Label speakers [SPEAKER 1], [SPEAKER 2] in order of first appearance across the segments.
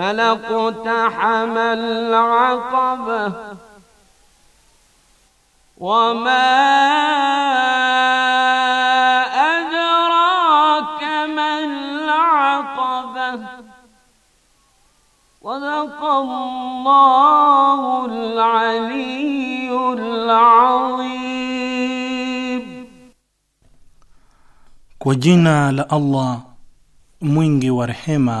[SPEAKER 1] فلقتحم العقبة وما أدراك ما العقبة صدق الله العلي العظيم
[SPEAKER 2] kwa لألله la ورحمه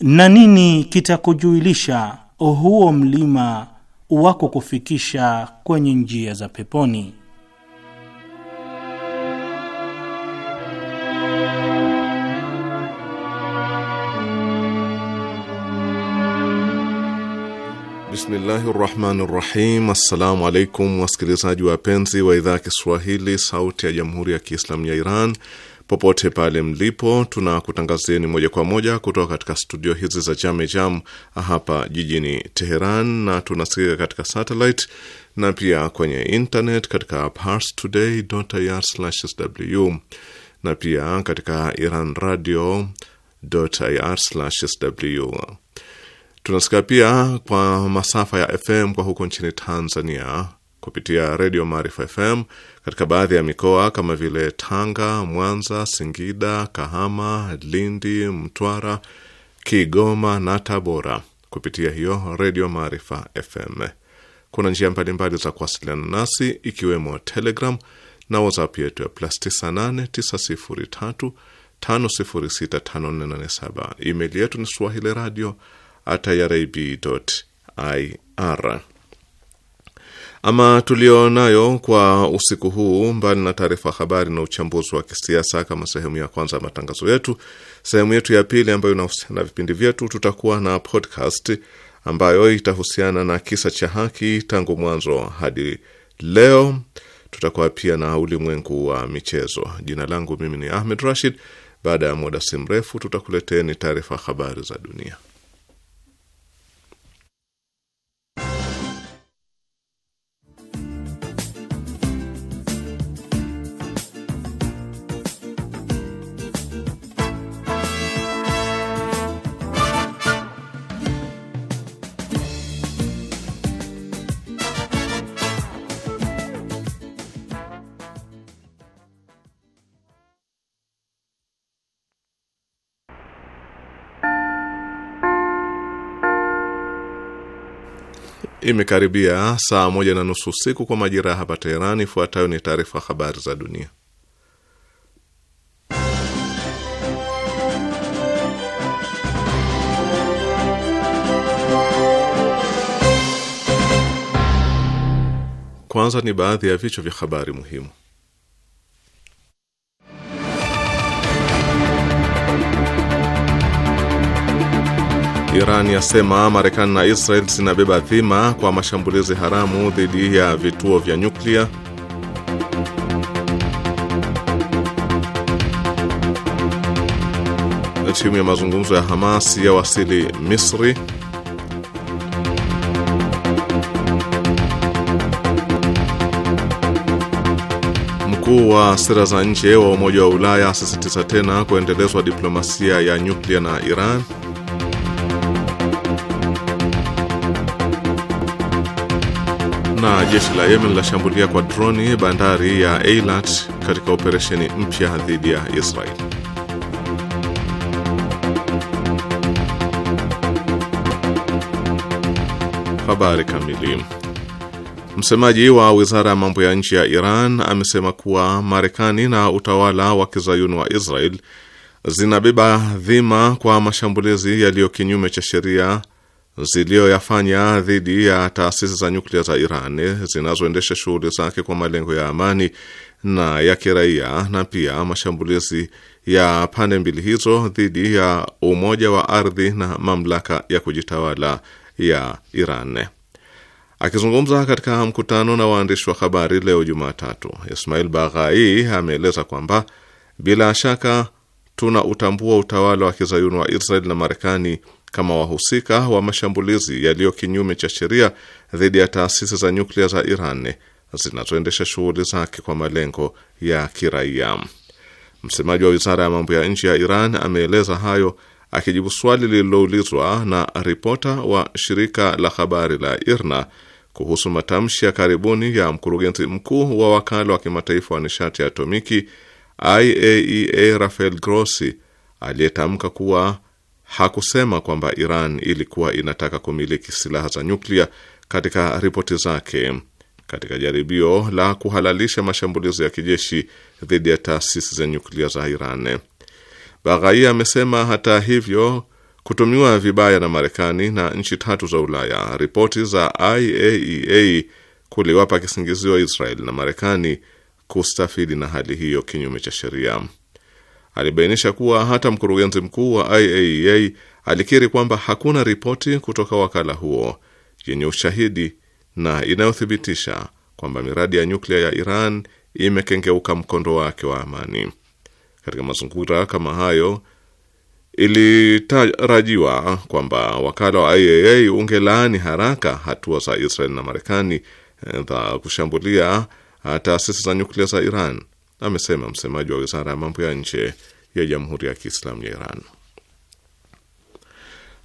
[SPEAKER 2] na nini kitakujuilisha huo mlima wako kufikisha kwenye njia za peponi?
[SPEAKER 3] Bismillahi rahmani rahim. Assalamu alaikum wasikilizaji wapenzi wa idhaa ya Kiswahili sauti ya jamhuri ya Kiislamu ya Iran popote pale mlipo, tunakutangazieni moja kwa moja kutoka katika studio hizi za Jame Jam hapa jijini Teheran, na tunasikika katika satellite na pia kwenye internet katika parstoday.ir/sw na pia katika Iran radio rsw sw Tunasikia pia kwa masafa ya FM kwa huko nchini Tanzania kupitia redio Maarifa FM katika baadhi ya mikoa kama vile Tanga, Mwanza, Singida, Kahama, Lindi, Mtwara, Kigoma na Tabora kupitia hiyo redio Maarifa FM. Kuna njia mbalimbali za kuwasiliana nasi ikiwemo Telegram na WhatsApp yetu ya plus 98 903 email yetu ni swahili radio at irib ir ama tulionayo kwa usiku huu, mbali na taarifa habari na uchambuzi wa kisiasa kama sehemu ya kwanza ya matangazo yetu, sehemu yetu ya pili ambayo inahusiana na vipindi vyetu, tutakuwa na podcast ambayo itahusiana na kisa cha haki tangu mwanzo hadi leo. Tutakuwa pia na ulimwengu wa michezo. Jina langu mimi ni Ahmed Rashid. Baada ya muda si mrefu, tutakuleteni taarifa habari za dunia. Imekaribia saa moja na nusu usiku kwa majira ya hapa Teherani. Ifuatayo ni taarifa habari za dunia. Kwanza ni baadhi ya vichwa vya habari muhimu. Iran yasema Marekani na Israel zinabeba dhima kwa mashambulizi haramu dhidi ya vituo vya nyuklia. Timu ya mazungumzo ya Hamas ya wasili Misri. Mkuu wa sera za nje wa Umoja wa Ulaya asisitiza tena kuendelezwa diplomasia ya nyuklia na Iran. na jeshi la Yemen lashambulia kwa droni bandari ya Eilat katika operesheni mpya dhidi ya Israel. Habari kamili. Msemaji wa wizara ya mambo ya nje ya Iran amesema kuwa Marekani na utawala wa kizayuni wa Israel zinabeba dhima kwa mashambulizi yaliyo kinyume cha sheria ziliyoyafanya dhidi ya taasisi za nyuklia za Iran zinazoendesha shughuli zake kwa malengo ya amani na ya kiraia na pia mashambulizi ya pande mbili hizo dhidi ya umoja wa ardhi na mamlaka ya kujitawala ya Iran. Akizungumza katika mkutano na waandishi wa habari leo Jumatatu, Ismail Baghai ameeleza kwamba bila shaka tuna utambua utawala wa kizayuni wa Israel na Marekani kama wahusika wa mashambulizi yaliyo kinyume cha sheria dhidi ya taasisi za nyuklia za Iran zinazoendesha shughuli zake kwa malengo ya kiraia. Msemaji wa wizara ya mambo ya nje ya Iran ameeleza hayo akijibu swali lililoulizwa na ripota wa shirika la habari la IRNA kuhusu matamshi ya karibuni ya mkurugenzi mkuu wa wakala wa kimataifa wa nishati ya atomiki IAEA e Rafael Grossi aliyetamka kuwa hakusema kwamba Iran ilikuwa inataka kumiliki silaha za nyuklia katika ripoti zake katika jaribio la kuhalalisha mashambulizi ya kijeshi dhidi ya taasisi za nyuklia za Iran. Baghai amesema hata hivyo, kutumiwa vibaya na Marekani na nchi tatu za Ulaya ripoti za IAEA e kuliwapa kisingizio Israel na Marekani kustafidi na hali hiyo kinyume cha sheria alibainisha kuwa hata mkurugenzi mkuu wa IAEA e alikiri kwamba hakuna ripoti kutoka wakala huo yenye ushahidi na inayothibitisha kwamba miradi ya nyuklia ya Iran imekengeuka mkondo wake wa amani. Katika mazingira kama hayo, ilitarajiwa kwamba wakala wa IAEA e ungelaani haraka hatua za Israel na Marekani eh, za kushambulia eh, taasisi za nyuklia za Iran amesema msemaji wa wizara ya mambo ya nje ya Jamhuri ya Kiislamu ya Iran.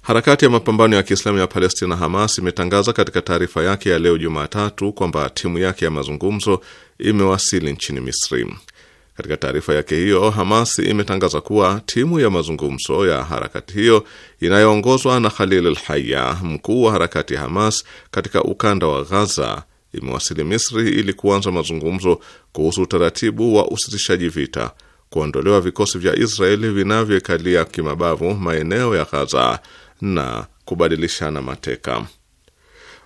[SPEAKER 3] Harakati ya mapambano ya Kiislamu ya Palestina, Hamas, imetangaza katika taarifa yake ya leo Jumatatu kwamba timu yake ya mazungumzo imewasili nchini Misri. Katika taarifa yake hiyo, Hamas imetangaza kuwa timu ya mazungumzo ya harakati hiyo inayoongozwa na Khalil al-Hayya, mkuu wa harakati ya Hamas katika ukanda wa ghaza imewasili Misri ili kuanza mazungumzo kuhusu utaratibu wa usitishaji vita, kuondolewa vikosi vya Israeli vinavyoikalia kimabavu maeneo ya Gaza na kubadilishana mateka.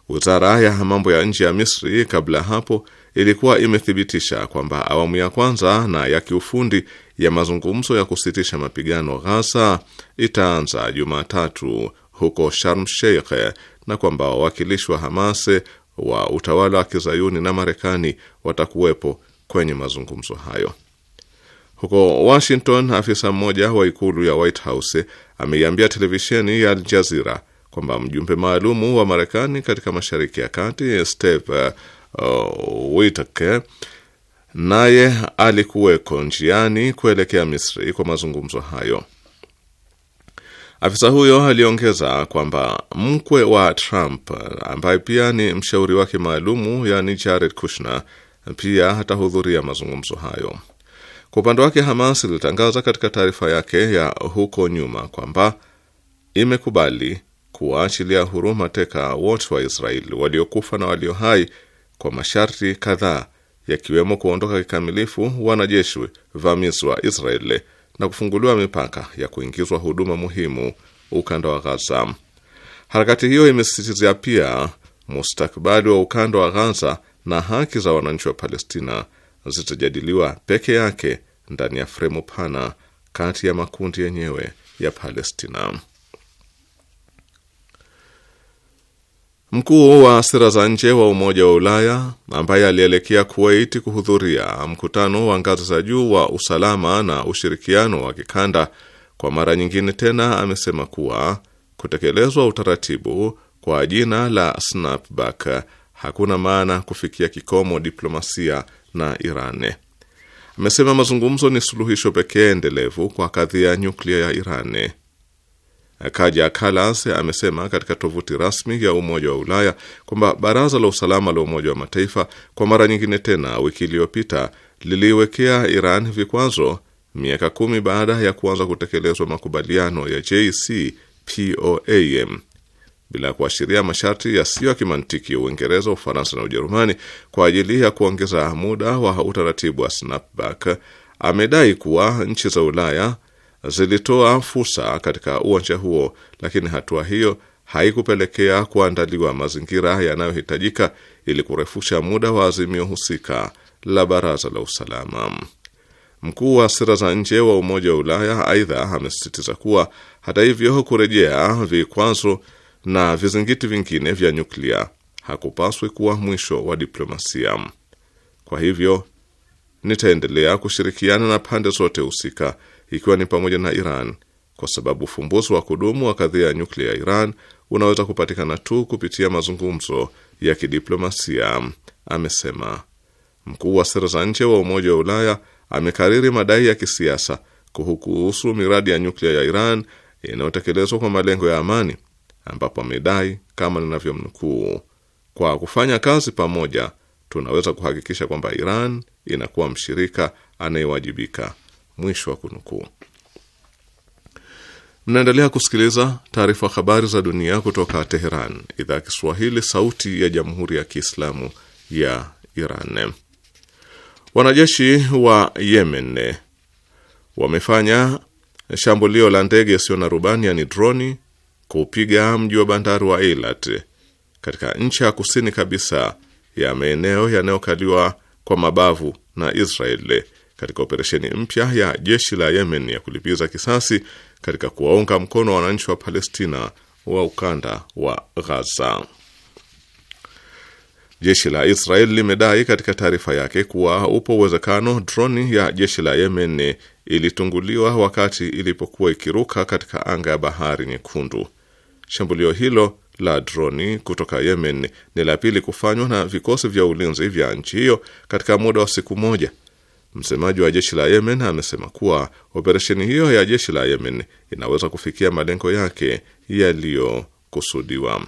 [SPEAKER 3] Wizara ya mambo ya nje ya Misri kabla ya hapo ilikuwa imethibitisha kwamba awamu ya kwanza na ya kiufundi ya mazungumzo ya kusitisha mapigano Ghaza itaanza Jumatatu huko Sharm Sheikh na kwamba wawakilishi wa Hamas wa utawala wa kizayuni na Marekani watakuwepo kwenye mazungumzo hayo. Huko Washington, afisa mmoja wa ikulu ya White House ameiambia televisheni ya Al Jazeera kwamba mjumbe maalumu wa Marekani katika Mashariki ya Kati Steve uh, Witke naye alikuweko njiani kuelekea Misri kwa mazungumzo hayo. Afisa huyo aliongeza kwamba mkwe wa Trump ambaye pia ni mshauri wake maalumu, yani Jared Kushner, pia atahudhuria mazungumzo hayo. Kwa upande wake, Hamas ilitangaza katika taarifa yake ya huko nyuma kwamba imekubali kuwaachilia huru mateka wote wa Israeli waliokufa na walio hai kwa masharti kadhaa, yakiwemo kuondoka kikamilifu wanajeshi vamizi wa Israeli na kufunguliwa mipaka ya kuingizwa huduma muhimu ukanda wa Ghaza. Harakati hiyo imesisitizia pia mustakabali wa ukanda wa Ghaza na haki za wananchi wa Palestina zitajadiliwa peke yake ndani ya fremu pana kati ya makundi yenyewe ya Palestina. Mkuu wa sera za nje wa Umoja wa Ulaya ambaye alielekea Kuwait kuhudhuria mkutano wa ngazi za juu wa usalama na ushirikiano wa kikanda, kwa mara nyingine tena amesema kuwa kutekelezwa utaratibu kwa jina la snapback hakuna maana kufikia kikomo diplomasia na Iran. Amesema mazungumzo ni suluhisho pekee endelevu kwa kadhia ya nyuklia ya Iran. Kaja Kalas amesema katika tovuti rasmi ya Umoja wa Ulaya kwamba Baraza la Usalama la Umoja wa Mataifa kwa mara nyingine tena wiki iliyopita liliwekea Iran vikwazo miaka kumi baada ya kuanza kutekelezwa makubaliano ya JCPOA bila kuashiria masharti yasiyo ya kimantiki ya Uingereza, Ufaransa na Ujerumani kwa ajili ya kuongeza muda wa utaratibu wa snapback. Amedai kuwa nchi za Ulaya zilitoa fursa katika uwanja huo, lakini hatua hiyo haikupelekea kuandaliwa mazingira yanayohitajika ili kurefusha muda wa azimio husika la Baraza la Usalama. Mkuu wa sera za nje wa Umoja wa Ulaya aidha amesisitiza kuwa hata hivyo, kurejea vikwazo na vizingiti vingine vya nyuklia hakupaswi kuwa mwisho wa diplomasia. Kwa hivyo, nitaendelea kushirikiana na pande zote husika ikiwa ni pamoja na Iran, kwa sababu ufumbuzi wa kudumu wa kadhia ya nyuklia ya Iran unaweza kupatikana tu kupitia mazungumzo ya kidiplomasia, amesema. Mkuu wa sera za nje wa Umoja wa Ulaya amekariri madai ya kisiasa kuhusu miradi ya nyuklia ya Iran inayotekelezwa kwa malengo ya amani, ambapo amedai kama ninavyomnukuu, kwa kufanya kazi pamoja tunaweza kuhakikisha kwamba Iran inakuwa mshirika anayewajibika Mwisho wa kunukuu. Mnaendelea kusikiliza taarifa habari za dunia kutoka Teheran, idhaa ya Kiswahili, sauti ya jamhuri ya kiislamu ya Iran. Wanajeshi wa Yemen wamefanya shambulio la ndege isiyo na rubani yani droni kuupiga mji wa bandari wa Eilat katika nchi ya kusini kabisa ya maeneo yanayokaliwa kwa mabavu na Israeli katika operesheni mpya ya jeshi la Yemen ya kulipiza kisasi katika kuwaunga mkono wa wananchi wa Palestina wa ukanda wa Ghaza. Jeshi la Israel limedai katika taarifa yake kuwa upo uwezekano droni ya jeshi la Yemen ilitunguliwa wakati ilipokuwa ikiruka katika anga ya Bahari Nyekundu. Shambulio hilo la droni kutoka Yemen ni la pili kufanywa na vikosi vya ulinzi vya nchi hiyo katika muda wa siku moja Msemaji wa jeshi la Yemen amesema kuwa operesheni hiyo ya jeshi la Yemen inaweza kufikia malengo yake yaliyokusudiwa.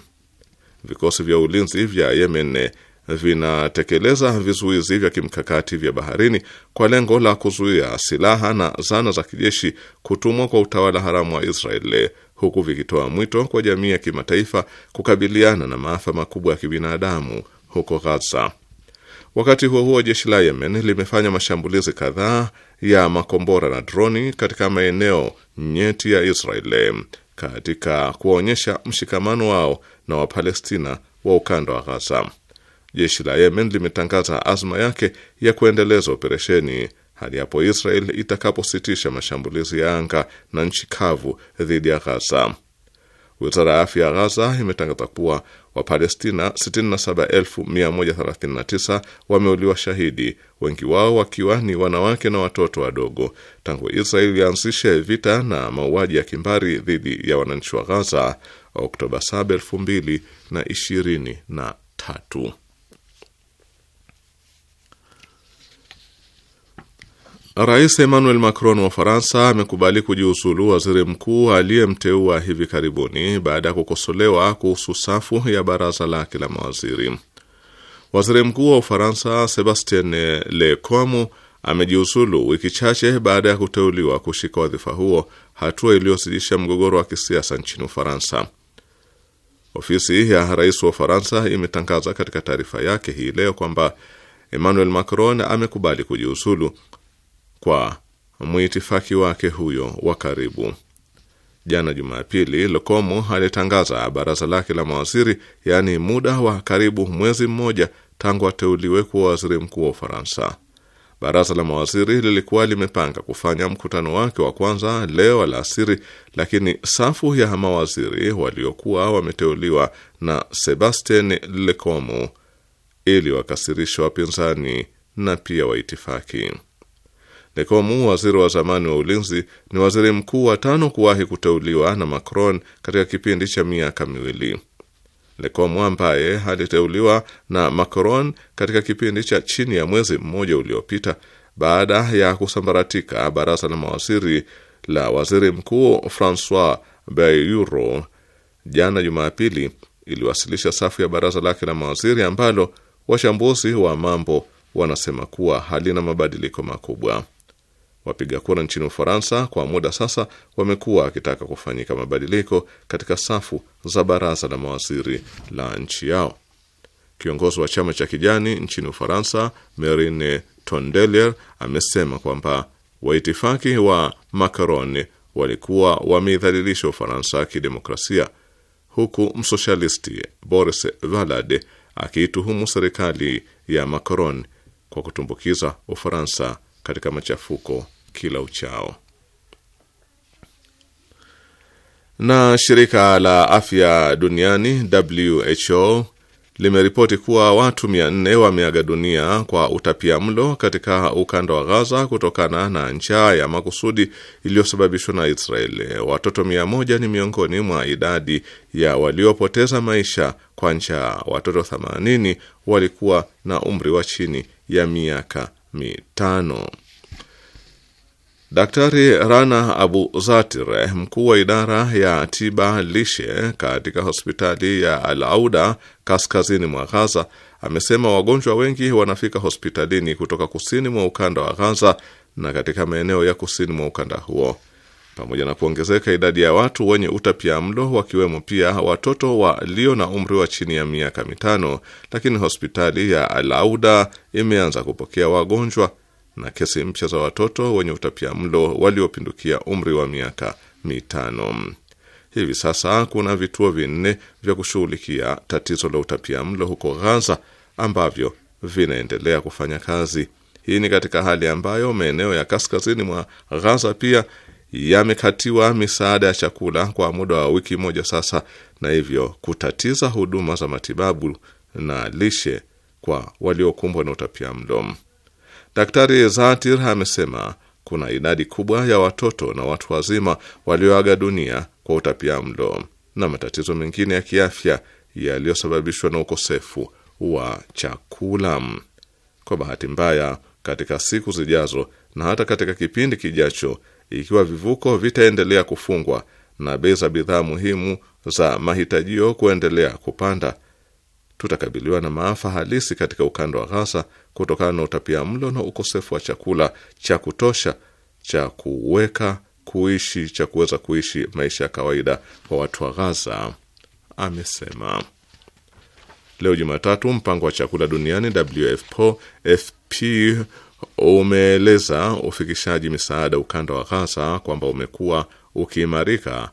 [SPEAKER 3] Vikosi vya ulinzi vya Yemen vinatekeleza vizuizi vya kimkakati vya baharini kwa lengo la kuzuia silaha na zana za kijeshi kutumwa kwa utawala haramu wa israel huku vikitoa mwito kwa jamii ya kimataifa kukabiliana na maafa makubwa ya kibinadamu huko Gaza. Wakati huo huo, jeshi la Yemen limefanya mashambulizi kadhaa ya makombora na droni katika maeneo nyeti ya Israel katika kuwaonyesha mshikamano wao na Wapalestina wa ukanda wa Ghaza. Jeshi la Yemen limetangaza azma yake ya kuendeleza operesheni hadi hapo Israel itakapositisha mashambulizi ya anga na nchi kavu dhidi ya Ghaza. Wizara ya afya ya Ghaza imetangaza kuwa Wapalestina 67139 wameuliwa shahidi, wengi wao wakiwa ni wanawake na watoto wadogo, tangu israeli ilianzishe vita na mauaji ya kimbari dhidi ya wananchi wa Ghaza Oktoba 7, 2023. Rais Emmanuel Macron wa Ufaransa amekubali kujiuzulu waziri mkuu aliyemteua hivi karibuni baada ya kukosolewa kuhusu safu ya baraza lake la mawaziri. Waziri mkuu wa Ufaransa Sebastien Lecornu amejiuzulu wiki chache baada ya kuteuliwa kushika wadhifa huo, hatua iliyozidisha mgogoro wa kisiasa nchini Ufaransa. Ofisi ya rais wa Ufaransa imetangaza katika taarifa yake hii leo kwamba Emmanuel Macron amekubali kujiuzulu kwa mwitifaki wake huyo wa karibu. Jana Jumapili, Lokomo alitangaza baraza lake la mawaziri, yaani muda wa karibu mwezi mmoja tangu ateuliwe kuwa waziri mkuu wa Ufaransa. Baraza la mawaziri lilikuwa limepanga kufanya mkutano wake wa kwanza leo alasiri, lakini safu ya mawaziri waliokuwa wameteuliwa na Sebastien Lecornu ili wakasirisha wapinzani na pia waitifaki. Lecomu, waziri wa zamani wa ulinzi, ni waziri mkuu wa tano kuwahi kuteuliwa na Macron katika kipindi cha miaka miwili. Lecomu ambaye aliteuliwa na Macron katika kipindi cha chini ya mwezi mmoja uliopita baada ya kusambaratika baraza la mawaziri la waziri mkuu Francois Bayrou jana Jumapili, iliwasilisha safu ya baraza lake la mawaziri ambalo wachambuzi wa mambo wanasema kuwa halina mabadiliko makubwa. Wapiga kura nchini Ufaransa kwa muda sasa wamekuwa wakitaka kufanyika mabadiliko katika safu za baraza la mawaziri la nchi yao. Kiongozi wa chama cha kijani nchini Ufaransa, Marine Tondelier, amesema kwamba waitifaki wa Macron walikuwa wameidhalilisha Ufaransa kidemokrasia, huku msoshalisti Boris valad akiituhumu serikali ya Macron kwa kutumbukiza Ufaransa katika machafuko kila uchao. Na shirika la afya duniani WHO limeripoti kuwa watu 400 wameaga dunia kwa utapia mlo katika ukanda wa Gaza kutokana na njaa ya makusudi iliyosababishwa na Israeli. Watoto 100 ni miongoni mwa idadi ya waliopoteza maisha kwa njaa. Watoto 80 walikuwa na umri wa chini ya miaka mitano. Daktari Rana Abu zatire mkuu wa idara ya tiba lishe katika hospitali ya Al Auda kaskazini mwa Ghaza, amesema wagonjwa wengi wanafika hospitalini kutoka kusini mwa ukanda wa Ghaza na katika maeneo ya kusini mwa ukanda huo. Pamoja na kuongezeka idadi ya watu wenye utapia mlo, wakiwemo pia watoto walio na umri wa chini ya miaka mitano, lakini hospitali ya Al Auda imeanza kupokea wagonjwa na kesi mpya za watoto wenye utapia mlo waliopindukia umri wa miaka mitano. Hivi sasa kuna vituo vinne vya kushughulikia tatizo la utapia mlo huko ghaza ambavyo vinaendelea kufanya kazi. Hii ni katika hali ambayo maeneo ya kaskazini mwa ghaza pia yamekatiwa misaada ya chakula kwa muda wa wiki moja sasa, na hivyo kutatiza huduma za matibabu na lishe kwa waliokumbwa na utapia mdomo. Daktari Zatir amesema kuna idadi kubwa ya watoto na watu wazima walioaga dunia kwa utapia mlo na matatizo mengine ya kiafya yaliyosababishwa na ukosefu wa chakula. Kwa bahati mbaya, katika siku zijazo na hata katika kipindi kijacho, ikiwa vivuko vitaendelea kufungwa na bei za bidhaa muhimu za mahitajio kuendelea kupanda, tutakabiliwa na maafa halisi katika ukanda wa Ghaza kutokana na utapia mlo na ukosefu wa chakula cha kutosha cha kuweka kuishi cha kuweza kuishi maisha ya kawaida kwa watu wa Ghaza, amesema. Leo Jumatatu, mpango wa chakula duniani WFP umeeleza ufikishaji misaada ukanda wa Ghaza kwamba umekuwa ukiimarika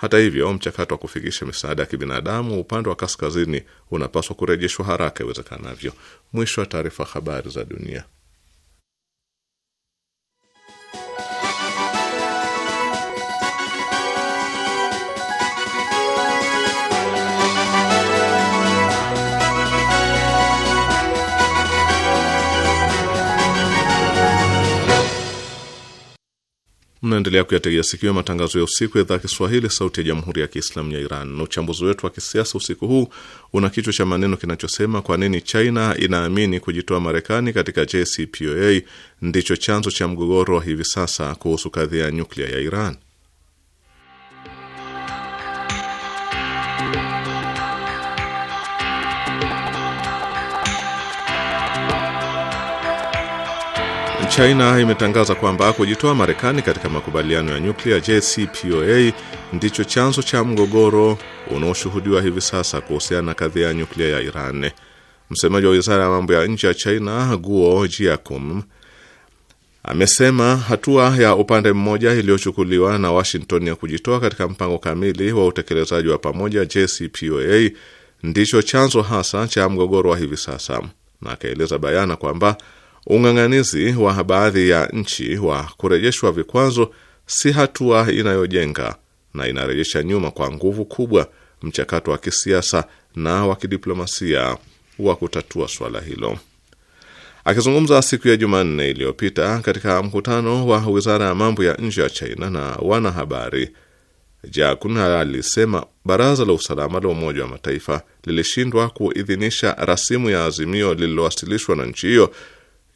[SPEAKER 3] hata hivyo, mchakato wa kufikisha misaada ya kibinadamu upande wa kaskazini unapaswa kurejeshwa haraka iwezekanavyo. Mwisho wa taarifa. Habari za dunia. Mnaendelea kuyategea sikio matangazo ya usiku ya idhaa Kiswahili sauti ya jamhuri ya kiislamu ya Iran. Na uchambuzi wetu wa kisiasa usiku huu una kichwa cha maneno kinachosema kwa nini China inaamini kujitoa Marekani katika JCPOA ndicho chanzo cha mgogoro wa hivi sasa kuhusu kadhia ya nyuklia ya Iran. China imetangaza kwamba kujitoa Marekani katika makubaliano ya nyuklia JCPOA ndicho chanzo cha mgogoro unaoshuhudiwa hivi sasa kuhusiana na kadhia ya nyuklia ya Iran. Msemaji wa wizara ya mambo ya nje ya China Guo Jiakum amesema hatua ya upande mmoja iliyochukuliwa na Washington ya kujitoa katika mpango kamili wa utekelezaji wa pamoja JCPOA ndicho chanzo hasa cha mgogoro wa hivi sasa, na akaeleza bayana kwamba Ung'ang'anizi wa baadhi ya nchi wa kurejeshwa vikwazo si hatua inayojenga na inarejesha nyuma kwa nguvu kubwa mchakato wa kisiasa na wa kidiplomasia wa kutatua swala hilo. Akizungumza siku ya Jumanne iliyopita katika mkutano wa wizara ya mambo ya nje ya China na wanahabari, Jakun alisema baraza la usalama la Umoja wa Mataifa lilishindwa kuidhinisha rasimu ya azimio lililowasilishwa na nchi hiyo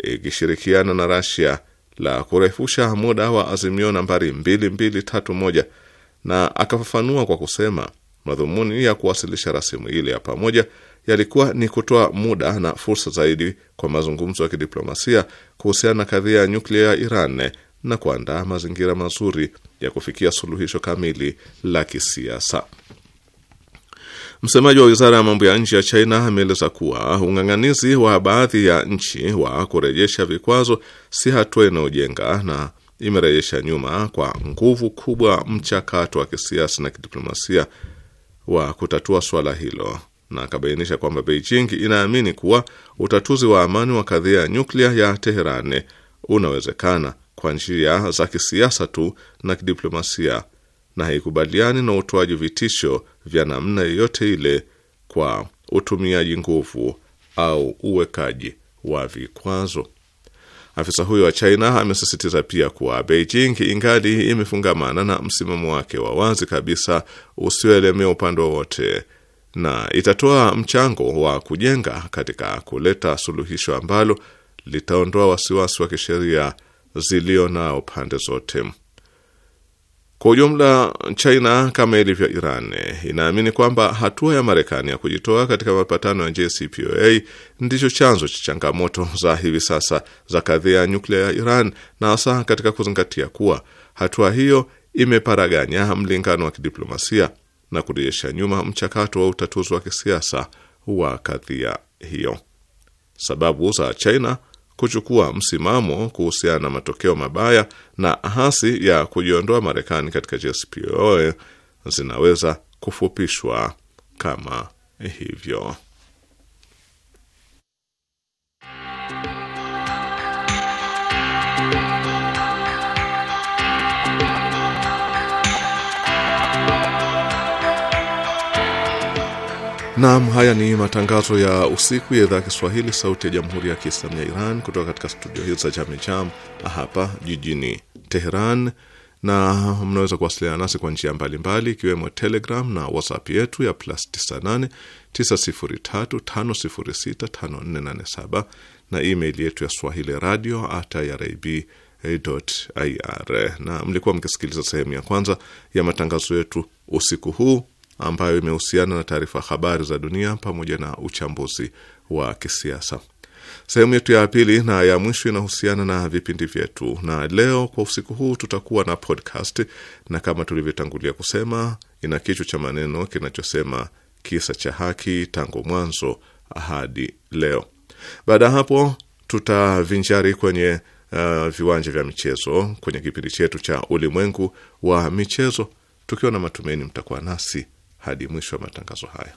[SPEAKER 3] ikishirikiana na Rasia la kurefusha muda wa azimio nambari 2231 na akafafanua kwa kusema madhumuni ya kuwasilisha rasimu ile ya pamoja yalikuwa ni kutoa muda na fursa zaidi kwa mazungumzo ya kidiplomasia kuhusiana na kadhia ya nyuklia ya Iran na kuandaa mazingira mazuri ya kufikia suluhisho kamili la kisiasa. Msemaji wa wizara ya mambo ya nje ya China ameeleza kuwa ung'ang'anizi wa baadhi ya nchi wa kurejesha vikwazo si hatua inayojenga na imerejesha nyuma kwa nguvu kubwa mchakato wa kisiasa na kidiplomasia wa kutatua swala hilo, na akabainisha kwamba Beijing inaamini kuwa utatuzi wa amani wa kadhia ya nyuklia ya Teheran unawezekana kwa njia za kisiasa tu na kidiplomasia na haikubaliani na utoaji vitisho vya namna yoyote ile kwa utumiaji nguvu au uwekaji wa vikwazo. Afisa huyo wa China amesisitiza pia kuwa Beijing ingali imefungamana na msimamo wake wa wazi kabisa usioelemea upande wowote na itatoa mchango wa kujenga katika kuleta suluhisho ambalo litaondoa wasiwasi wa kisheria zilio nao pande zote. Kwa ujumla, China kama ilivyo Iran inaamini kwamba hatua ya Marekani ya kujitoa katika mapatano ya JCPOA ndicho chanzo cha changamoto za hivi sasa za kadhia ya nyuklia ya Iran, na hasa katika kuzingatia kuwa hatua hiyo imeparaganya mlingano wa kidiplomasia na kurejesha nyuma mchakato wa utatuzi wa kisiasa wa kadhia hiyo. Sababu za China kuchukua msimamo kuhusiana na matokeo mabaya na hasi ya kujiondoa Marekani katika JCPOA zinaweza kufupishwa kama hivyo. Naam, haya ni matangazo ya usiku ya idhaa ya Kiswahili sauti ya Jamhuri ya Kiislamu ya Iran kutoka katika studio hizi za Jamejam hapa jijini Teheran, na mnaweza kuwasiliana nasi kwa njia mbalimbali ikiwemo Telegram na WhatsApp yetu ya plus 98 na email yetu ya swahili radio at irib Na mlikuwa mkisikiliza sehemu ya kwanza ya matangazo yetu usiku huu ambayo imehusiana na taarifa habari za dunia pamoja na uchambuzi wa kisiasa. Sehemu yetu ya pili na ya mwisho inahusiana na vipindi vyetu, na leo kwa usiku huu tutakuwa na podcast, na kama tulivyotangulia kusema, ina kichwa cha maneno kinachosema kisa cha haki tangu mwanzo hadi leo. Baada ya hapo, tutavinjari kwenye uh, viwanja vya michezo kwenye kipindi chetu cha ulimwengu wa michezo, tukiwa na matumaini mtakuwa nasi hadi mwisho wa matangazo haya.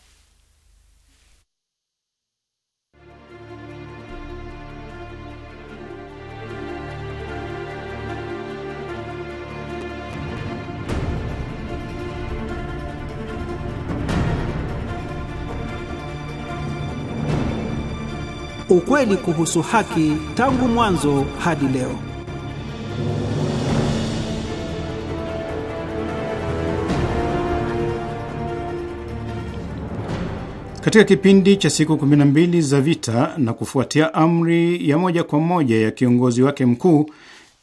[SPEAKER 4] Ukweli kuhusu haki tangu mwanzo hadi leo.
[SPEAKER 5] Katika kipindi cha siku 12 za vita na kufuatia amri ya moja kwa moja ya kiongozi wake mkuu,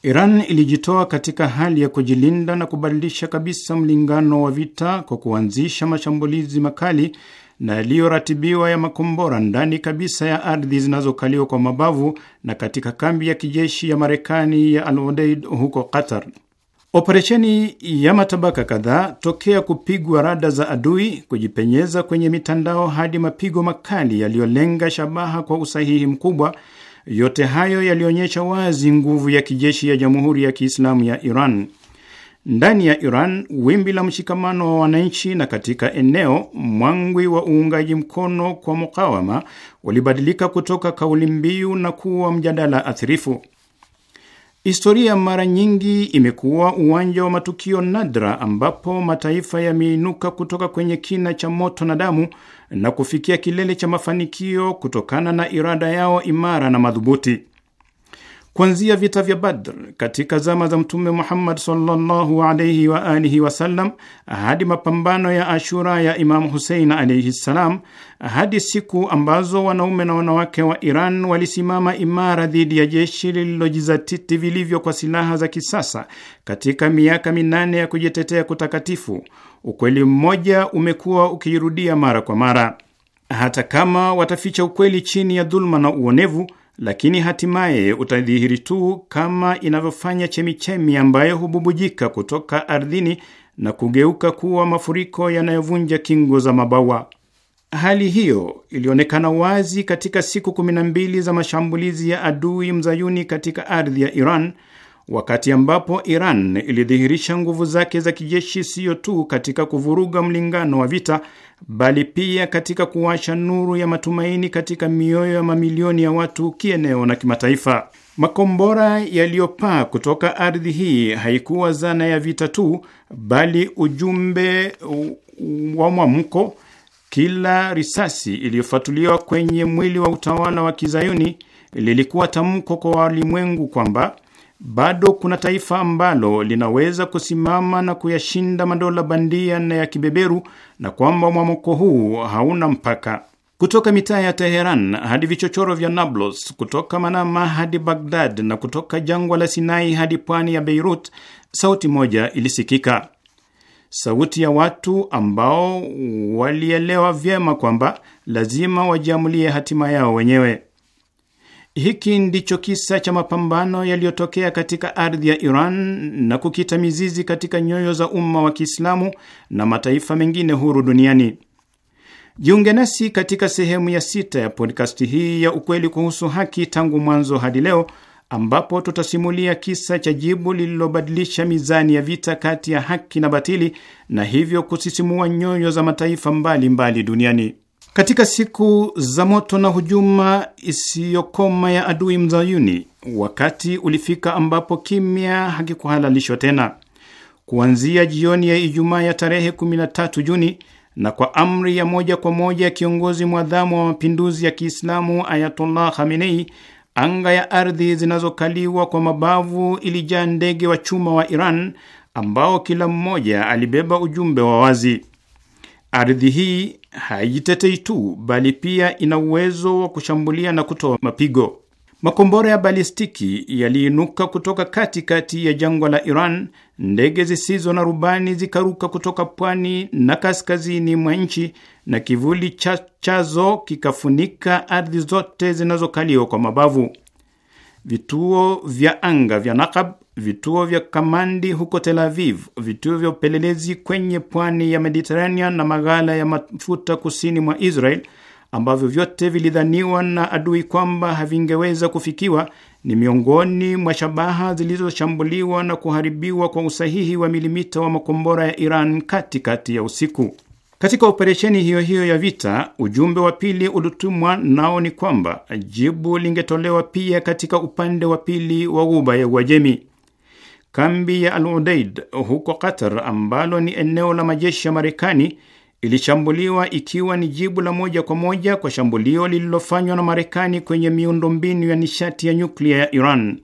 [SPEAKER 5] Iran ilijitoa katika hali ya kujilinda na kubadilisha kabisa mlingano wa vita kwa kuanzisha mashambulizi makali na yaliyoratibiwa ya makombora ndani kabisa ya ardhi zinazokaliwa kwa mabavu na katika kambi ya kijeshi ya Marekani ya Al Udeid huko Qatar. Operesheni ya matabaka kadhaa tokea kupigwa rada za adui, kujipenyeza kwenye mitandao hadi mapigo makali yaliyolenga shabaha kwa usahihi mkubwa, yote hayo yalionyesha wazi nguvu ya kijeshi ya Jamhuri ya Kiislamu ya Iran. Ndani ya Iran, wimbi la mshikamano wa wananchi na katika eneo, mwangwi wa uungaji mkono kwa mukawama ulibadilika kutoka kauli mbiu na kuwa mjadala athirifu. Historia mara nyingi imekuwa uwanja wa matukio nadra ambapo mataifa yameinuka kutoka kwenye kina cha moto na damu na kufikia kilele cha mafanikio kutokana na irada yao imara na madhubuti kuanzia vita vya Badr katika zama za Mtume Muhammad sallallahu alaihi wa alihi wasallam hadi mapambano ya Ashura ya Imamu Husein alaihi ssalam hadi siku ambazo wanaume na wanawake wa Iran walisimama imara dhidi ya jeshi lililojizatiti vilivyo kwa silaha za kisasa katika miaka minane ya kujitetea kutakatifu, ukweli mmoja umekuwa ukijirudia mara kwa mara. Hata kama wataficha ukweli chini ya dhuluma na uonevu lakini hatimaye utadhihiri tu kama inavyofanya chemichemi ambayo hububujika kutoka ardhini na kugeuka kuwa mafuriko yanayovunja kingo za mabawa. Hali hiyo ilionekana wazi katika siku 12 za mashambulizi ya adui mzayuni katika ardhi ya Iran wakati ambapo Iran ilidhihirisha nguvu zake za kijeshi siyo tu katika kuvuruga mlingano wa vita, bali pia katika kuwasha nuru ya matumaini katika mioyo ya mamilioni ya watu kieneo na kimataifa. Makombora yaliyopaa kutoka ardhi hii haikuwa zana ya vita tu, bali ujumbe wa mwamko. Kila risasi iliyofatuliwa kwenye mwili wa utawala wa kizayuni lilikuwa tamko kwa walimwengu kwamba bado kuna taifa ambalo linaweza kusimama na kuyashinda madola bandia na ya kibeberu na kwamba mwamoko huu hauna mpaka. Kutoka mitaa ya Teheran hadi vichochoro vya Nablus, kutoka Manama hadi Bagdad na kutoka jangwa la Sinai hadi pwani ya Beirut, sauti moja ilisikika, sauti ya watu ambao walielewa vyema kwamba lazima wajiamulie hatima yao wenyewe. Hiki ndicho kisa cha mapambano yaliyotokea katika ardhi ya Iran na kukita mizizi katika nyoyo za umma wa Kiislamu na mataifa mengine huru duniani. Jiunge nasi katika sehemu ya sita ya podkasti hii ya ukweli kuhusu haki, tangu mwanzo hadi leo, ambapo tutasimulia kisa cha jibu lililobadilisha mizani ya vita kati ya haki na batili na hivyo kusisimua nyoyo za mataifa mbalimbali mbali duniani. Katika siku za moto na hujuma isiyokoma ya adui mzayuni, wakati ulifika ambapo kimya hakikuhalalishwa tena. Kuanzia jioni ya Ijumaa ya tarehe 13 Juni, na kwa amri ya moja kwa moja ya kiongozi mwadhamu wa mapinduzi ya Kiislamu Ayatollah Khamenei, anga ya ardhi zinazokaliwa kwa mabavu ilijaa ndege wa chuma wa Iran ambao kila mmoja alibeba ujumbe wa wazi: ardhi hii haijitetei tu, bali pia ina uwezo wa kushambulia na kutoa mapigo. Makombora ya balistiki yaliinuka kutoka katikati kati ya jangwa la Iran. Ndege zisizo na rubani zikaruka kutoka pwani na kaskazini mwa nchi, na kivuli cha chazo kikafunika ardhi zote zinazokaliwa kwa mabavu. Vituo vya anga vya Naqab vituo vya kamandi huko Tel Aviv, vituo vya upelelezi kwenye pwani ya Mediterranean na maghala ya mafuta kusini mwa Israel, ambavyo vyote vilidhaniwa na adui kwamba havingeweza kufikiwa, ni miongoni mwa shabaha zilizoshambuliwa na kuharibiwa kwa usahihi wa milimita wa makombora ya Iran katikati kati ya usiku. Katika operesheni hiyo hiyo ya vita, ujumbe wa pili ulitumwa nao ni kwamba jibu lingetolewa pia katika upande wa pili wa Ghuba ya Uajemi. Kambi ya Al Udeid huko Qatar, ambalo ni eneo la majeshi ya Marekani, ilishambuliwa ikiwa ni jibu la moja kwa moja kwa shambulio lililofanywa na Marekani kwenye miundombinu ya nishati ya nyuklia ya Iran.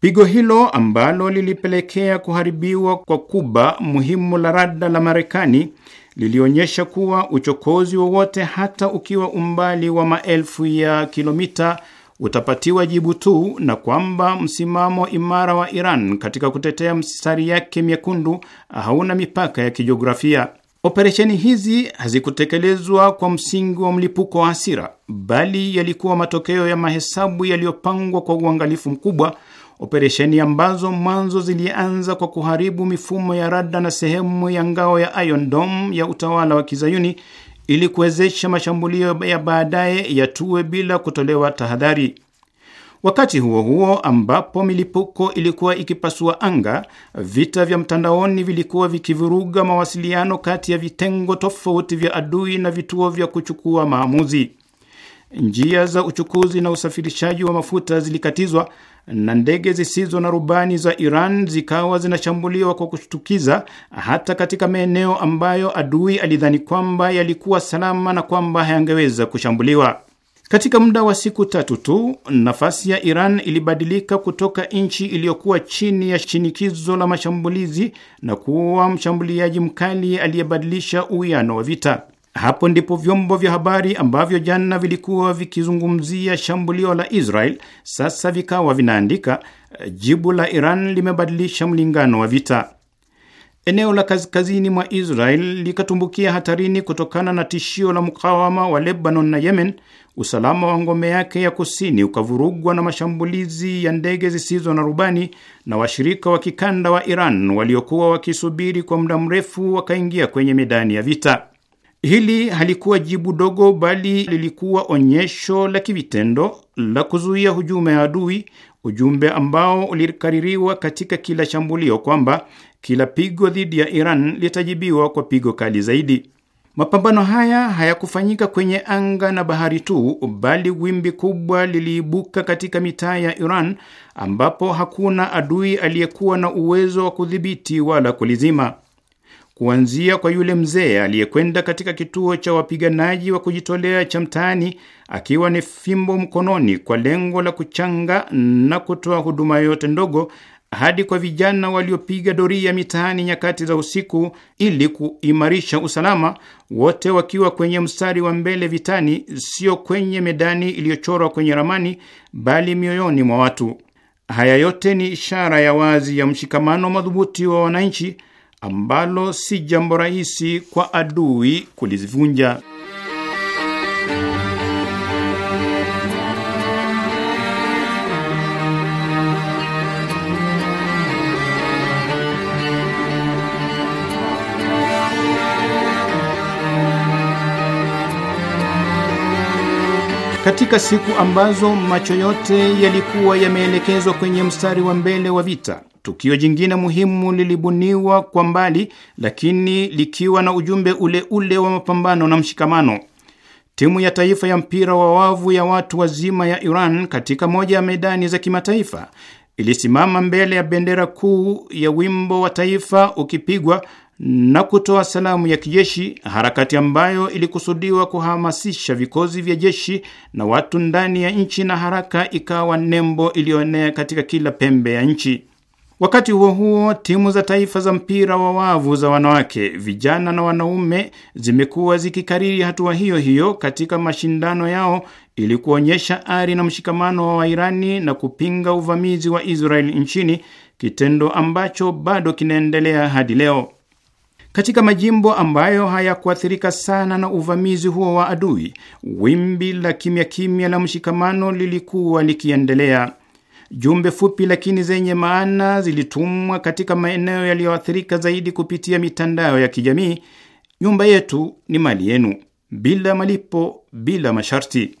[SPEAKER 5] Pigo hilo ambalo lilipelekea kuharibiwa kwa kuba muhimu la rada la Marekani lilionyesha kuwa uchokozi wowote, hata ukiwa umbali wa maelfu ya kilomita utapatiwa jibu tu, na kwamba msimamo imara wa Iran katika kutetea mstari yake myekundu hauna mipaka ya kijiografia. Operesheni hizi hazikutekelezwa kwa msingi wa mlipuko wa hasira, bali yalikuwa matokeo ya mahesabu yaliyopangwa kwa uangalifu mkubwa, operesheni ambazo mwanzo zilianza kwa kuharibu mifumo ya rada na sehemu ya ngao ya Iron Dome ya utawala wa Kizayuni ili kuwezesha mashambulio ya baadaye yatue bila kutolewa tahadhari. Wakati huo huo ambapo milipuko ilikuwa ikipasua anga, vita vya mtandaoni vilikuwa vikivuruga mawasiliano kati ya vitengo tofauti vya adui na vituo vya kuchukua maamuzi njia za uchukuzi na usafirishaji wa mafuta zilikatizwa na ndege zisizo na rubani za Iran zikawa zinashambuliwa kwa kushtukiza, hata katika maeneo ambayo adui alidhani kwamba yalikuwa salama na kwamba hayangeweza kushambuliwa. Katika muda wa siku tatu tu, nafasi ya Iran ilibadilika kutoka nchi iliyokuwa chini ya shinikizo la mashambulizi na kuwa mshambuliaji mkali aliyebadilisha uwiano wa vita. Hapo ndipo vyombo vya habari ambavyo jana vilikuwa vikizungumzia shambulio la Israel sasa vikawa vinaandika jibu la Iran limebadilisha mlingano wa vita. Eneo la kaskazini mwa Israel likatumbukia hatarini kutokana na tishio la mukawama wa Lebanon na Yemen. Usalama wa ngome yake ya kusini ukavurugwa na mashambulizi ya ndege zisizo na rubani, na washirika wa kikanda wa Iran waliokuwa wakisubiri kwa muda mrefu wakaingia kwenye medani ya vita. Hili halikuwa jibu dogo, bali lilikuwa onyesho la kivitendo la kuzuia hujuma ya adui, ujumbe ambao ulikaririwa katika kila shambulio kwamba kila pigo dhidi ya Iran litajibiwa kwa pigo kali zaidi. Mapambano haya hayakufanyika kwenye anga na bahari tu, bali wimbi kubwa liliibuka katika mitaa ya Iran ambapo hakuna adui aliyekuwa na uwezo wa kudhibiti wala kulizima kuanzia kwa yule mzee aliyekwenda katika kituo cha wapiganaji wa kujitolea cha mtaani akiwa ni fimbo mkononi kwa lengo la kuchanga na kutoa huduma yoyote ndogo hadi kwa vijana waliopiga doria mitaani nyakati za usiku ili kuimarisha usalama, wote wakiwa kwenye mstari wa mbele vitani, sio kwenye medani iliyochorwa kwenye ramani, bali mioyoni mwa watu. Haya yote ni ishara ya wazi ya mshikamano madhubuti wa wananchi ambalo si jambo rahisi kwa adui kulizivunja. Katika siku ambazo macho yote yalikuwa yameelekezwa kwenye mstari wa mbele wa vita Tukio jingine muhimu lilibuniwa kwa mbali, lakini likiwa na ujumbe ule ule wa mapambano na mshikamano. Timu ya taifa ya mpira wa wavu ya watu wazima ya Iran katika moja ya medani za kimataifa ilisimama mbele ya bendera kuu ya wimbo wa taifa ukipigwa na kutoa salamu ya kijeshi, harakati ambayo ilikusudiwa kuhamasisha vikosi vya jeshi na watu ndani ya nchi, na haraka ikawa nembo iliyoenea katika kila pembe ya nchi. Wakati huo huo, timu za taifa za mpira wa wavu za wanawake, vijana na wanaume zimekuwa zikikariri hatua hiyo hiyo katika mashindano yao ili kuonyesha ari na mshikamano wa Wairani na kupinga uvamizi wa Israeli nchini, kitendo ambacho bado kinaendelea hadi leo. Katika majimbo ambayo hayakuathirika sana na uvamizi huo wa adui, wimbi la kimya kimya la mshikamano lilikuwa likiendelea. Jumbe fupi lakini zenye maana zilitumwa katika maeneo yaliyoathirika zaidi kupitia mitandao ya kijamii: nyumba yetu ni mali yenu, bila malipo, bila masharti.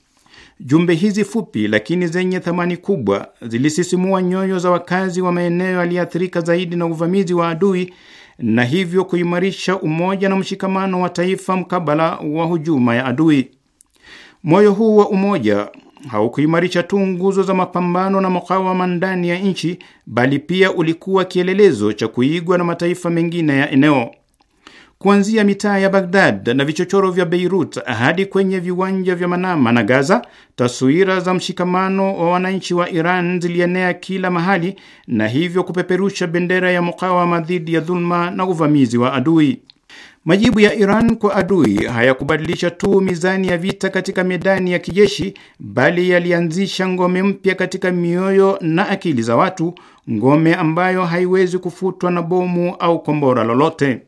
[SPEAKER 5] Jumbe hizi fupi lakini zenye thamani kubwa zilisisimua nyoyo za wakazi wa maeneo yaliyoathirika zaidi na uvamizi wa adui, na hivyo kuimarisha umoja na mshikamano wa taifa mkabala wa hujuma ya adui. Moyo huu wa umoja haukuimarisha tu nguzo za mapambano na mukawama ndani ya nchi, bali pia ulikuwa kielelezo cha kuigwa na mataifa mengine ya eneo. Kuanzia mitaa ya Baghdad na vichochoro vya Beirut hadi kwenye viwanja vya Manama na Gaza, taswira za mshikamano wa wananchi wa Iran zilienea kila mahali na hivyo kupeperusha bendera ya mukawama dhidi ya dhuluma na uvamizi wa adui. Majibu ya Iran kwa adui hayakubadilisha tu mizani ya vita katika medani ya kijeshi, bali yalianzisha ngome mpya katika mioyo na akili za watu, ngome ambayo haiwezi kufutwa na bomu au kombora lolote.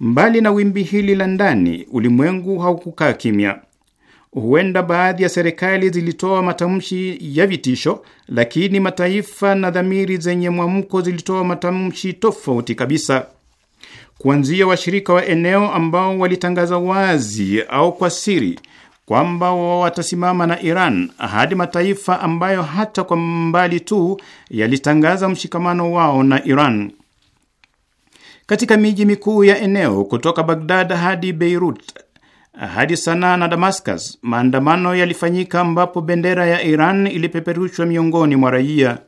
[SPEAKER 5] Mbali na wimbi hili la ndani, ulimwengu haukukaa kimya. Huenda baadhi ya serikali zilitoa matamshi ya vitisho, lakini mataifa na dhamiri zenye mwamko zilitoa matamshi tofauti kabisa kuanzia washirika wa eneo ambao walitangaza wazi au kwa siri kwamba watasimama na Iran hadi mataifa ambayo hata kwa mbali tu yalitangaza mshikamano wao na Iran. Katika miji mikuu ya eneo kutoka Baghdad hadi Beirut hadi Sanaa na Damascus, maandamano yalifanyika ambapo bendera ya Iran ilipeperushwa miongoni mwa raia.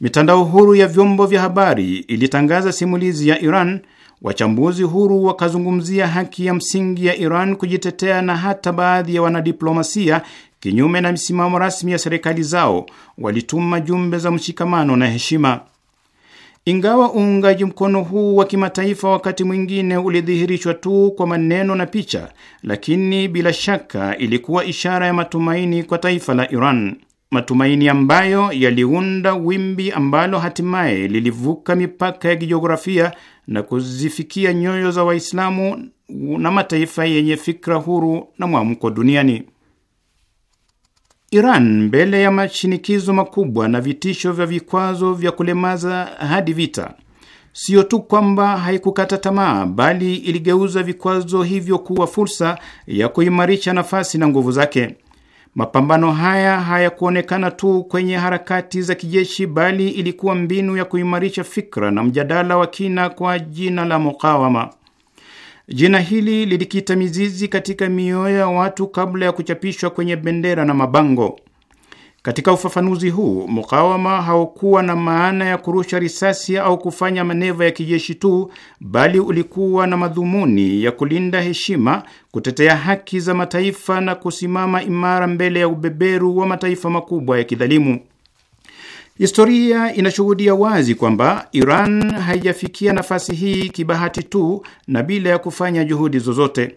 [SPEAKER 5] Mitandao huru ya vyombo vya habari ilitangaza simulizi ya Iran. Wachambuzi huru wakazungumzia haki ya msingi ya Iran kujitetea na hata baadhi ya wanadiplomasia kinyume na misimamo rasmi ya serikali zao walituma jumbe za mshikamano na heshima. Ingawa uungaji mkono huu wa kimataifa wakati mwingine ulidhihirishwa tu kwa maneno na picha, lakini bila shaka ilikuwa ishara ya matumaini kwa taifa la Iran matumaini ambayo yaliunda wimbi ambalo hatimaye lilivuka mipaka ya kijiografia na kuzifikia nyoyo za Waislamu na mataifa yenye fikra huru na mwamko duniani. Iran, mbele ya mashinikizo makubwa na vitisho vya vikwazo vya kulemaza hadi vita, siyo tu kwamba haikukata tamaa, bali iligeuza vikwazo hivyo kuwa fursa ya kuimarisha nafasi na nguvu zake. Mapambano haya hayakuonekana tu kwenye harakati za kijeshi, bali ilikuwa mbinu ya kuimarisha fikra na mjadala wa kina kwa jina la mukawama. Jina hili lilikita mizizi katika mioyo ya watu kabla ya kuchapishwa kwenye bendera na mabango. Katika ufafanuzi huu, mukawama haukuwa na maana ya kurusha risasi au kufanya maneva ya kijeshi tu, bali ulikuwa na madhumuni ya kulinda heshima, kutetea haki za mataifa na kusimama imara mbele ya ubeberu wa mataifa makubwa ya kidhalimu. Historia inashuhudia wazi kwamba Iran haijafikia nafasi hii kibahati tu na bila ya kufanya juhudi zozote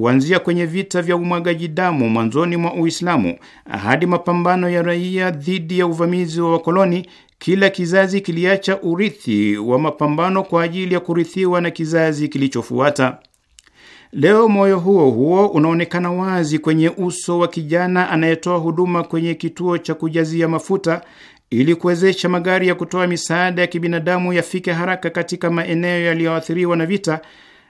[SPEAKER 5] kuanzia kwenye vita vya umwagaji damu mwanzoni mwa Uislamu hadi mapambano ya raia dhidi ya uvamizi wa wakoloni, kila kizazi kiliacha urithi wa mapambano kwa ajili ya kurithiwa na kizazi kilichofuata. Leo moyo huo huo unaonekana wazi kwenye uso wa kijana anayetoa huduma kwenye kituo cha kujazia mafuta ili kuwezesha magari ya kutoa misaada ya kibinadamu yafike haraka katika maeneo yaliyoathiriwa na vita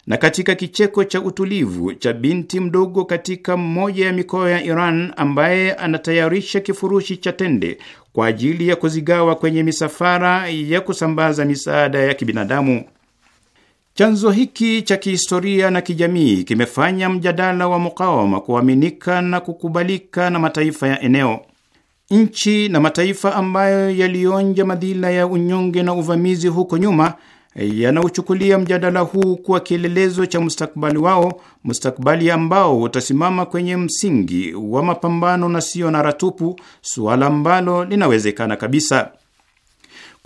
[SPEAKER 5] na katika kicheko cha utulivu cha binti mdogo katika mmoja ya mikoa ya Iran ambaye anatayarisha kifurushi cha tende kwa ajili ya kuzigawa kwenye misafara ya kusambaza misaada ya kibinadamu. Chanzo hiki cha kihistoria na kijamii kimefanya mjadala wa mukawama kuaminika na kukubalika na mataifa ya eneo. Nchi na mataifa ambayo yalionja madhila ya unyonge na uvamizi huko nyuma yanaochukulia mjadala huu kuwa kielelezo cha mustakbali wao, mustakbali ambao utasimama kwenye msingi wa mapambano na sio na ratupu, suala ambalo linawezekana kabisa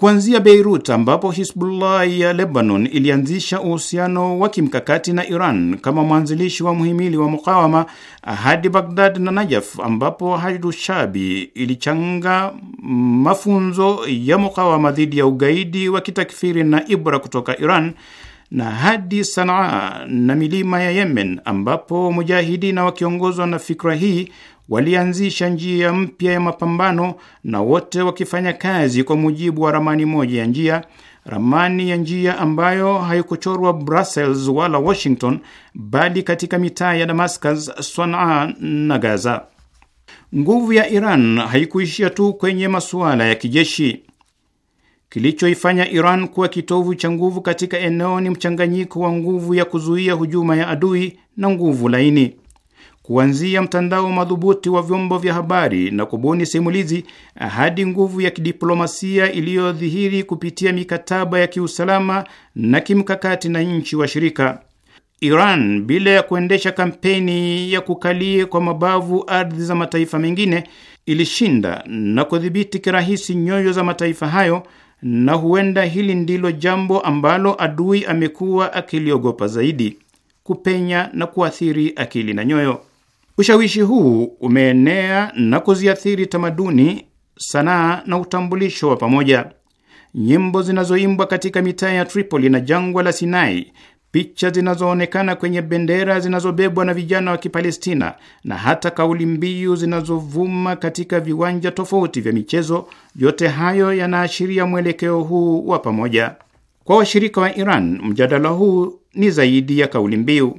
[SPEAKER 5] kuanzia Beirut ambapo Hizbullah ya Lebanon ilianzisha uhusiano wa kimkakati na Iran kama mwanzilishi wa muhimili wa mukawama hadi Baghdad na Najaf ambapo shabi ilichanga mafunzo ya mukawama dhidi ya ugaidi wa kitakfiri na ibra kutoka Iran na hadi Sanaa na milima ya Yemen ambapo mujahidina wakiongozwa na fikra hii walianzisha njia mpya ya mapambano, na wote wakifanya kazi kwa mujibu wa ramani moja ya njia, ramani ya njia ambayo haikuchorwa Brussels wala Washington, bali katika mitaa ya Damascus, Swanaa na Gaza. Nguvu ya Iran haikuishia tu kwenye masuala ya kijeshi. Kilichoifanya Iran kuwa kitovu cha nguvu katika eneo ni mchanganyiko wa nguvu ya kuzuia hujuma ya adui na nguvu laini kuanzia mtandao madhubuti wa vyombo vya habari na kubuni simulizi hadi nguvu ya kidiplomasia iliyodhihiri kupitia mikataba ya kiusalama na kimkakati na nchi washirika. Iran bila ya kuendesha kampeni ya kukalia kwa mabavu ardhi za mataifa mengine ilishinda na kudhibiti kirahisi nyoyo za mataifa hayo, na huenda hili ndilo jambo ambalo adui amekuwa akiliogopa zaidi, kupenya na kuathiri akili na nyoyo. Ushawishi huu umeenea na kuziathiri tamaduni, sanaa na utambulisho wa pamoja. Nyimbo zinazoimbwa katika mitaa ya Tripoli na jangwa la Sinai, picha zinazoonekana kwenye bendera zinazobebwa na vijana wa Kipalestina na hata kauli mbiu zinazovuma katika viwanja tofauti vya michezo, yote hayo yanaashiria mwelekeo huu wa pamoja. Kwa washirika wa Iran, mjadala huu ni zaidi ya kauli mbiu,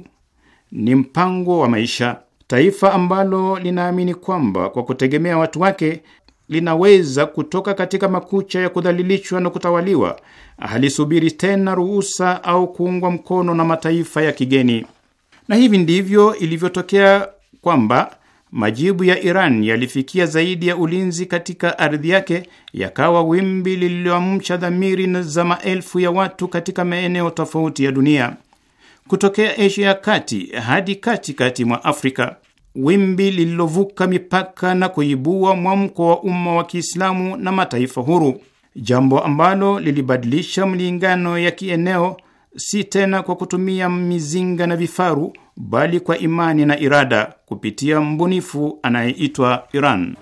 [SPEAKER 5] ni mpango wa maisha taifa ambalo linaamini kwamba kwa kutegemea watu wake linaweza kutoka katika makucha ya kudhalilishwa na kutawaliwa, halisubiri tena ruhusa au kuungwa mkono na mataifa ya kigeni. Na hivi ndivyo ilivyotokea kwamba majibu ya Iran yalifikia zaidi ya ulinzi katika ardhi yake, yakawa wimbi lililoamsha dhamiri za maelfu ya watu katika maeneo tofauti ya dunia, kutokea Asia ya kati hadi katikati mwa Afrika wimbi lililovuka mipaka na kuibua mwamko wa umma wa Kiislamu na mataifa huru, jambo ambalo lilibadilisha mlingano ya kieneo, si tena kwa kutumia mizinga na vifaru, bali kwa imani na irada kupitia mbunifu anayeitwa Iran.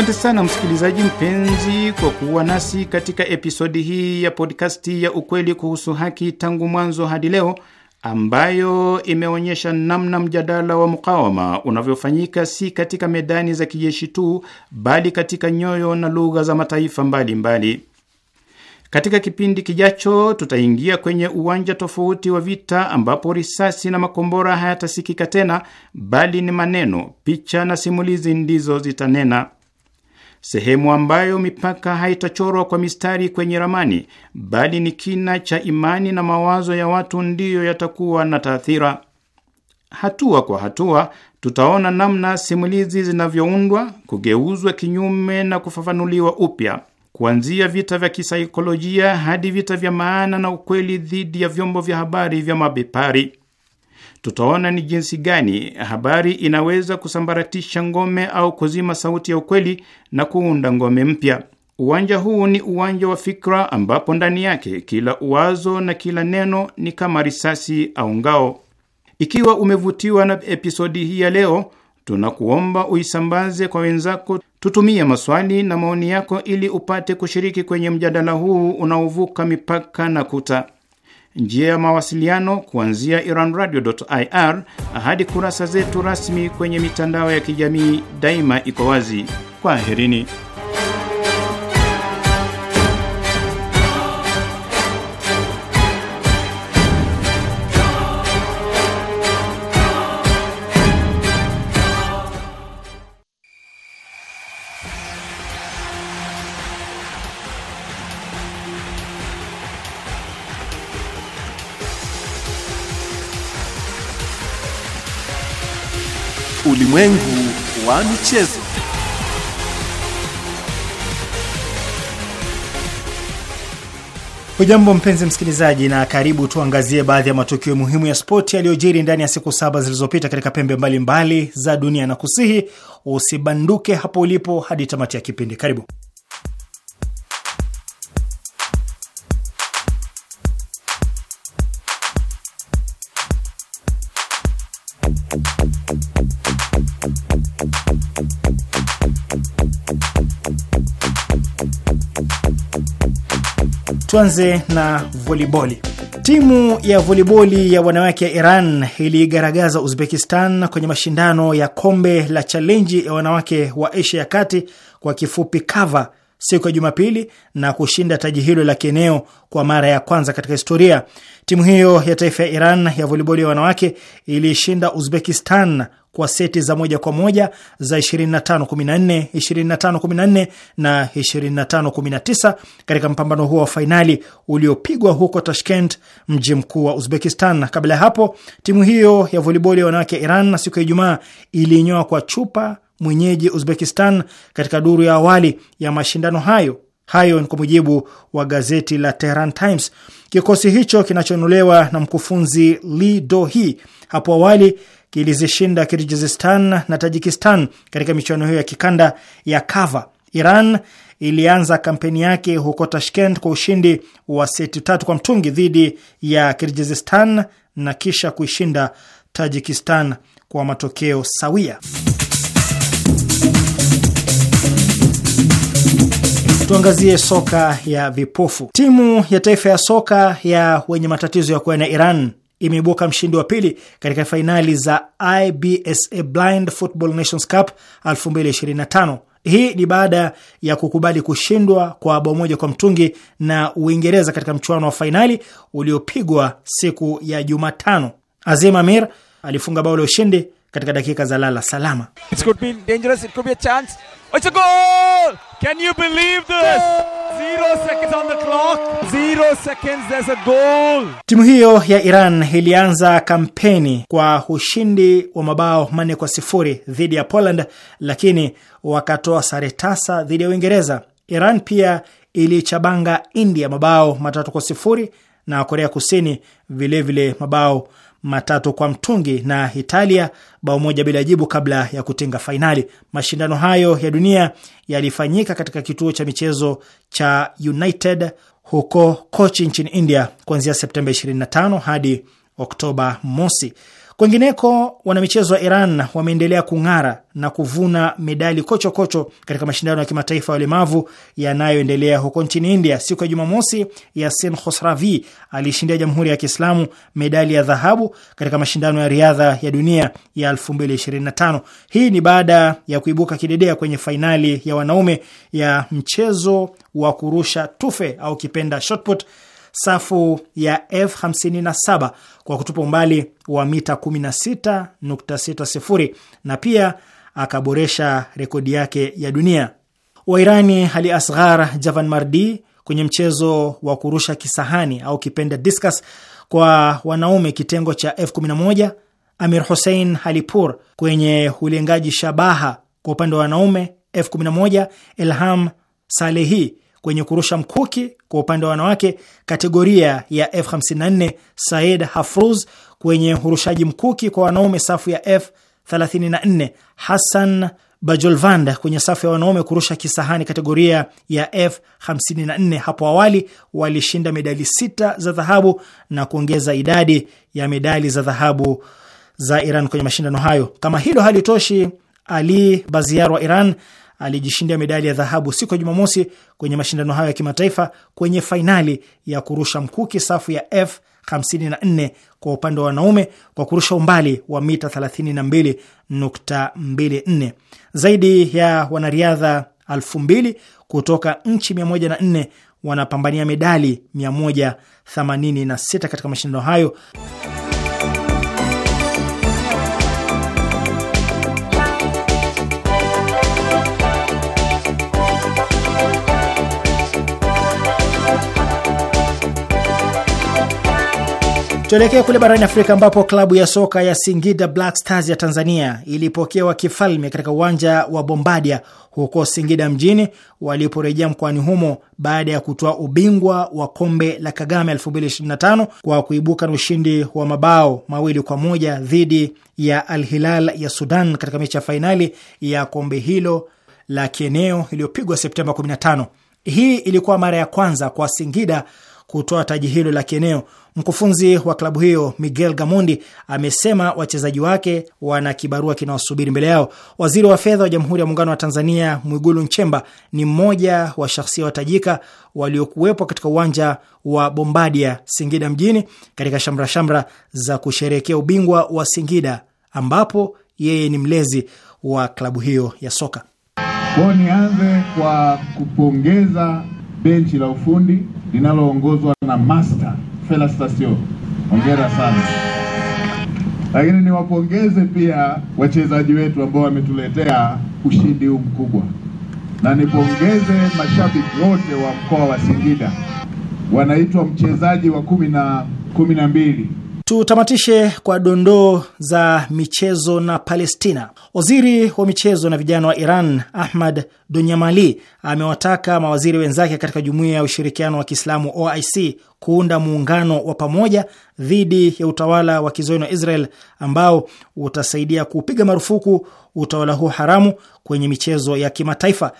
[SPEAKER 5] Asante sana msikilizaji mpenzi kwa kuwa nasi katika episodi hii ya podkasti ya ukweli kuhusu haki tangu mwanzo hadi leo, ambayo imeonyesha namna mjadala wa mukawama unavyofanyika si katika medani za kijeshi tu, bali katika nyoyo na lugha za mataifa mbalimbali mbali. Katika kipindi kijacho tutaingia kwenye uwanja tofauti wa vita ambapo risasi na makombora hayatasikika tena, bali ni maneno, picha na simulizi ndizo zitanena sehemu ambayo mipaka haitachorwa kwa mistari kwenye ramani, bali ni kina cha imani na mawazo ya watu ndiyo yatakuwa na taathira. Hatua kwa hatua, tutaona namna simulizi zinavyoundwa, kugeuzwa kinyume na kufafanuliwa upya, kuanzia vita vya kisaikolojia hadi vita vya maana na ukweli dhidi ya vyombo vya habari vya mabepari tutaona ni jinsi gani habari inaweza kusambaratisha ngome au kuzima sauti ya ukweli na kuunda ngome mpya. Uwanja huu ni uwanja wa fikra, ambapo ndani yake kila uwazo na kila neno ni kama risasi au ngao. Ikiwa umevutiwa na episodi hii ya leo, tunakuomba uisambaze kwa wenzako. Tutumie maswali na maoni yako ili upate kushiriki kwenye mjadala huu unaovuka mipaka na kuta njia ya mawasiliano kuanzia iranradio.ir hadi kurasa zetu rasmi kwenye mitandao ya kijamii daima iko wazi. Kwaherini.
[SPEAKER 3] Ulimwengu wa michezo.
[SPEAKER 4] Hujambo mpenzi msikilizaji, na karibu tuangazie baadhi ya matukio muhimu ya spoti yaliyojiri ndani ya siku saba zilizopita katika pembe mbalimbali mbali za dunia, na kusihi usibanduke hapo ulipo hadi tamati ya kipindi. Karibu. Tuanze na voliboli. Timu ya voliboli ya wanawake ya Iran iliigaragaza Uzbekistan kwenye mashindano ya kombe la chalenji ya wanawake wa Asia ya kati kwa kifupi KAVA siku ya Jumapili na kushinda taji hilo la kieneo kwa mara ya kwanza katika historia. Timu hiyo ya taifa ya Iran ya voliboli ya wanawake ilishinda Uzbekistan kwa seti za moja kwa moja za 25-14, 25-14 na 25-19 katika mpambano huo wa fainali uliopigwa huko Tashkent, mji mkuu wa Uzbekistan. Kabla ya hapo, timu hiyo ya voliboli ya wanawake ya Iran siku ya Ijumaa ilinyoa kwa chupa mwenyeji Uzbekistan katika duru ya awali ya mashindano hayo. Hayo ni kwa mujibu wa gazeti la Tehran Times. Kikosi hicho kinachonulewa na mkufunzi Li Dohi hapo awali kilizishinda Kirgizistan na Tajikistan katika michuano hiyo ya kikanda ya Kava. Iran ilianza kampeni yake huko Tashkent kwa ushindi wa seti tatu kwa mtungi dhidi ya Kirgizistan na kisha kuishinda Tajikistan kwa matokeo sawia. Tuangazie soka ya vipofu. Timu ya taifa ya soka ya wenye matatizo ya kuona Iran imeibuka mshindi wa pili katika fainali za IBSA Blind Football Nations Cup 2025. Hii ni baada ya kukubali kushindwa kwa bao moja kwa mtungi na Uingereza katika mchuano wa fainali uliopigwa siku ya Jumatano. Azim Amir alifunga bao la ushindi katika dakika za lala salama. It could be dangerous, it could be a chance. It's a goal! Can you believe this? Zero
[SPEAKER 3] seconds on the clock. Zero seconds, there's a goal.
[SPEAKER 4] Timu hiyo ya Iran ilianza kampeni kwa ushindi wa mabao manne kwa sifuri dhidi ya Poland, lakini wakatoa sare tasa dhidi ya Uingereza. Iran pia ilichabanga India mabao matatu kwa sifuri na Korea Kusini vilevile vile mabao matatu kwa mtungi na Italia bao moja bila jibu kabla ya kutinga fainali. Mashindano hayo ya dunia yalifanyika katika kituo cha michezo cha United huko Kochi nchini India kuanzia Septemba 25 hadi Oktoba mosi. Kwengineko, wanamichezo wa Iran wameendelea kung'ara na kuvuna medali kochokocho kocho katika mashindano ya kimataifa ya ulemavu yanayoendelea huko nchini India. Siku ya Jumamosi, Yasin Khosravi aliishindia Jamhuri ya Kiislamu medali ya dhahabu katika mashindano ya riadha ya dunia ya 2025. Hii ni baada ya kuibuka kidedea kwenye fainali ya wanaume ya mchezo wa kurusha tufe au kipenda shotput safu ya F57 kwa kutupa umbali wa mita 16.60 na pia akaboresha rekodi yake ya dunia. Wairani Ali Asghar javan mardi kwenye mchezo wa kurusha kisahani au kipenda discus kwa wanaume kitengo cha F11, Amir Hussein Halipur kwenye ulengaji shabaha kwa upande wa wanaume F11, Elham Salehi kwenye kurusha mkuki kwa upande wa wanawake kategoria ya F54, Said Hafruz kwenye urushaji mkuki kwa wanaume safu ya F34, Hassan Bajolvanda kwenye safu ya wanaume kurusha kisahani kategoria ya F54. Hapo awali walishinda medali sita za dhahabu na kuongeza idadi ya medali za dhahabu za Iran kwenye mashindano hayo. Kama hilo halitoshi ali Baziar wa Iran alijishindia medali ya dhahabu siku ya Jumamosi kwenye mashindano hayo ya kimataifa kwenye fainali ya kurusha mkuki safu ya F54 kwa upande wa wanaume kwa kurusha umbali wa mita 32.24. Zaidi ya wanariadha 2000 kutoka nchi 104 wanapambania medali 186 katika mashindano hayo. Tuelekee kule barani Afrika ambapo klabu ya soka ya Singida Black Stars ya Tanzania ilipokewa kifalme katika uwanja wa Bombadia huko Singida mjini waliporejea mkoani humo baada ya kutoa ubingwa wa kombe la Kagame 2025 kwa kuibuka na ushindi wa mabao mawili kwa moja dhidi ya Al Hilal ya Sudan katika mechi ya fainali ya kombe hilo la kieneo iliyopigwa Septemba 15. Hii ilikuwa mara ya kwanza kwa Singida kutoa taji hilo la kieneo. Mkufunzi wa klabu hiyo Miguel Gamondi amesema wachezaji wake wana kibarua kinawasubiri mbele yao. Waziri wa fedha wa Jamhuri ya Muungano wa Tanzania Mwigulu Nchemba ni mmoja wa shahsia watajika waliokuwepo katika uwanja wa Bombadia Singida mjini katika shamrashamra za kusherehekea ubingwa wa Singida, ambapo yeye ni mlezi wa klabu
[SPEAKER 3] hiyo ya soka. Kwao nianze kwa kupongeza benchi la ufundi linaloongozwa na Master Felastasio. ongera hongera sana. Lakini niwapongeze pia wachezaji wetu ambao wametuletea ushindi huu mkubwa, na nipongeze mashabiki wote wa mkoa wa Singida, wanaitwa mchezaji wa kumi na kumi na mbili.
[SPEAKER 4] Tutamatishe kwa dondoo za michezo na Palestina. Waziri wa michezo na vijana wa Iran Ahmad Donyamali amewataka mawaziri wenzake katika Jumuiya ya Ushirikiano wa Kiislamu OIC kuunda muungano wa pamoja dhidi ya utawala wa kizayuni wa Israel ambao utasaidia kupiga marufuku utawala huo haramu kwenye michezo ya kimataifa.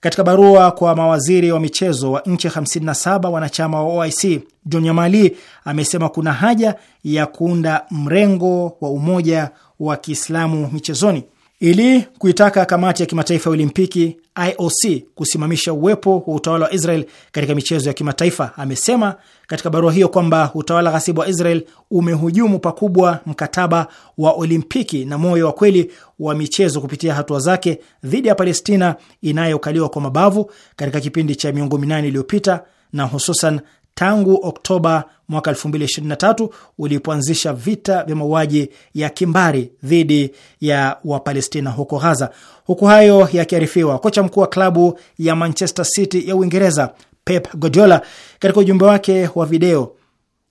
[SPEAKER 4] Katika barua kwa mawaziri wa michezo wa nchi 57 wanachama wa OIC, Donyamali amesema kuna haja ya kuunda mrengo wa umoja wa Kiislamu michezoni ili kuitaka kamati ya kimataifa ya Olimpiki IOC kusimamisha uwepo wa utawala wa Israel katika michezo ya kimataifa. Amesema katika barua hiyo kwamba utawala ghasibu wa Israel umehujumu pakubwa mkataba wa Olimpiki na moyo wa kweli wa michezo kupitia hatua zake dhidi ya Palestina inayokaliwa kwa mabavu katika kipindi cha miongo minane iliyopita na hususan tangu Oktoba mwaka 2023 ulipoanzisha vita vya mauaji ya kimbari dhidi ya Wapalestina huko Ghaza. Huku hayo yakiarifiwa, kocha mkuu wa klabu ya Manchester City ya Uingereza Pep Guardiola katika ujumbe wake wa video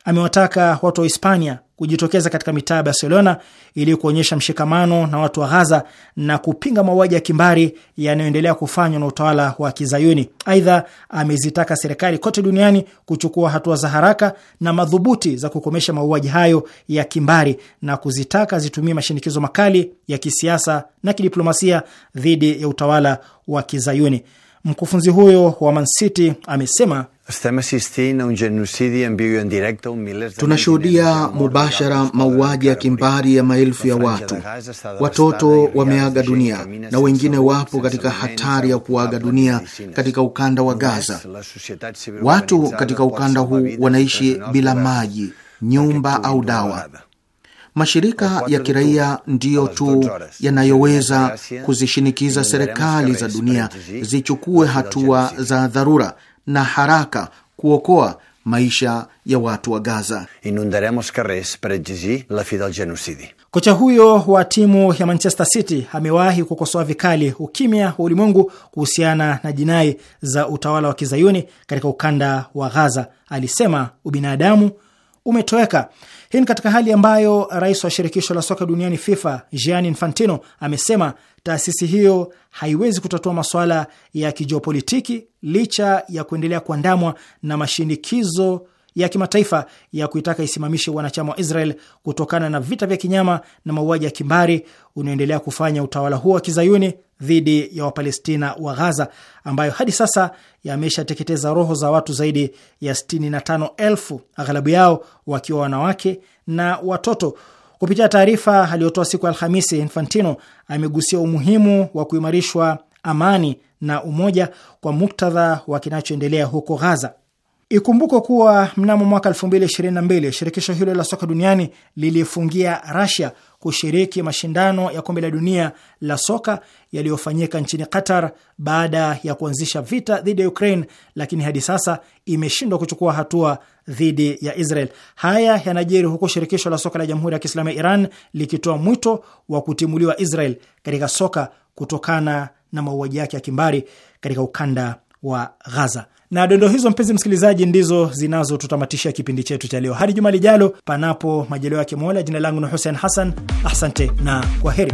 [SPEAKER 4] amewataka watu wa Hispania kujitokeza katika mitaa ya Barcelona ili kuonyesha mshikamano na watu wa Ghaza na kupinga mauaji ya kimbari yanayoendelea kufanywa na utawala wa Kizayuni. Aidha, amezitaka serikali kote duniani kuchukua hatua za haraka na madhubuti za kukomesha mauaji hayo ya kimbari na kuzitaka zitumie mashinikizo makali ya kisiasa na kidiplomasia dhidi ya utawala wa Kizayuni. Mkufunzi huyo wa Man City amesema
[SPEAKER 6] Tunashuhudia mubashara mauaji ya kimbari ya maelfu ya watu. Watoto wameaga dunia na wengine
[SPEAKER 4] wapo katika hatari ya kuaga dunia katika ukanda wa Gaza.
[SPEAKER 6] Watu katika ukanda
[SPEAKER 4] huu wanaishi bila maji, nyumba au dawa. Mashirika ya kiraia ndiyo tu yanayoweza kuzishinikiza serikali za dunia zichukue hatua za dharura na haraka
[SPEAKER 6] kuokoa maisha ya watu wa Gaza. inundaremos per exigir la fi del genocidi.
[SPEAKER 4] Kocha huyo wa timu ya Manchester City amewahi kukosoa vikali ukimya wa ulimwengu kuhusiana na jinai za utawala wa kizayuni katika ukanda wa Gaza. Alisema ubinadamu umetoweka hii ni katika hali ambayo rais wa shirikisho la soka duniani FIFA Gianni Infantino amesema taasisi hiyo haiwezi kutatua masuala ya kijiopolitiki licha ya kuendelea kuandamwa na mashinikizo ya kimataifa ya kuitaka isimamishe wanachama wa Israel kutokana na vita vya kinyama na mauaji ya kimbari unaoendelea kufanya utawala huo wa kizayuni dhidi ya Wapalestina wa Ghaza ambayo hadi sasa yameshateketeza roho za watu zaidi ya 65,000 aghalabu yao wakiwa wanawake na watoto. Kupitia taarifa aliyotoa siku ya Alhamisi, Infantino amegusia umuhimu wa kuimarishwa amani na umoja kwa muktadha wa kinachoendelea huko Ghaza. Ikumbuko kuwa mnamo mwaka 2022 shirikisho hilo la soka duniani lilifungia Rasia kushiriki mashindano ya kombe la dunia la soka yaliyofanyika nchini Qatar baada ya kuanzisha vita dhidi ya Ukraine, lakini hadi sasa imeshindwa kuchukua hatua dhidi ya Israel. Haya yanajiri huku shirikisho la soka la Jamhuri ya Kiislamu ya Iran likitoa mwito wa kutimuliwa Israel katika soka kutokana na mauaji yake ya kimbari katika ukanda wa Gaza. Na dondo hizo, mpenzi msikilizaji, ndizo zinazotutamatisha kipindi chetu cha leo. Hadi juma lijalo, panapo majaliwa yake Mola. Jina langu ni Hussein Hassan, asante na kwa heri.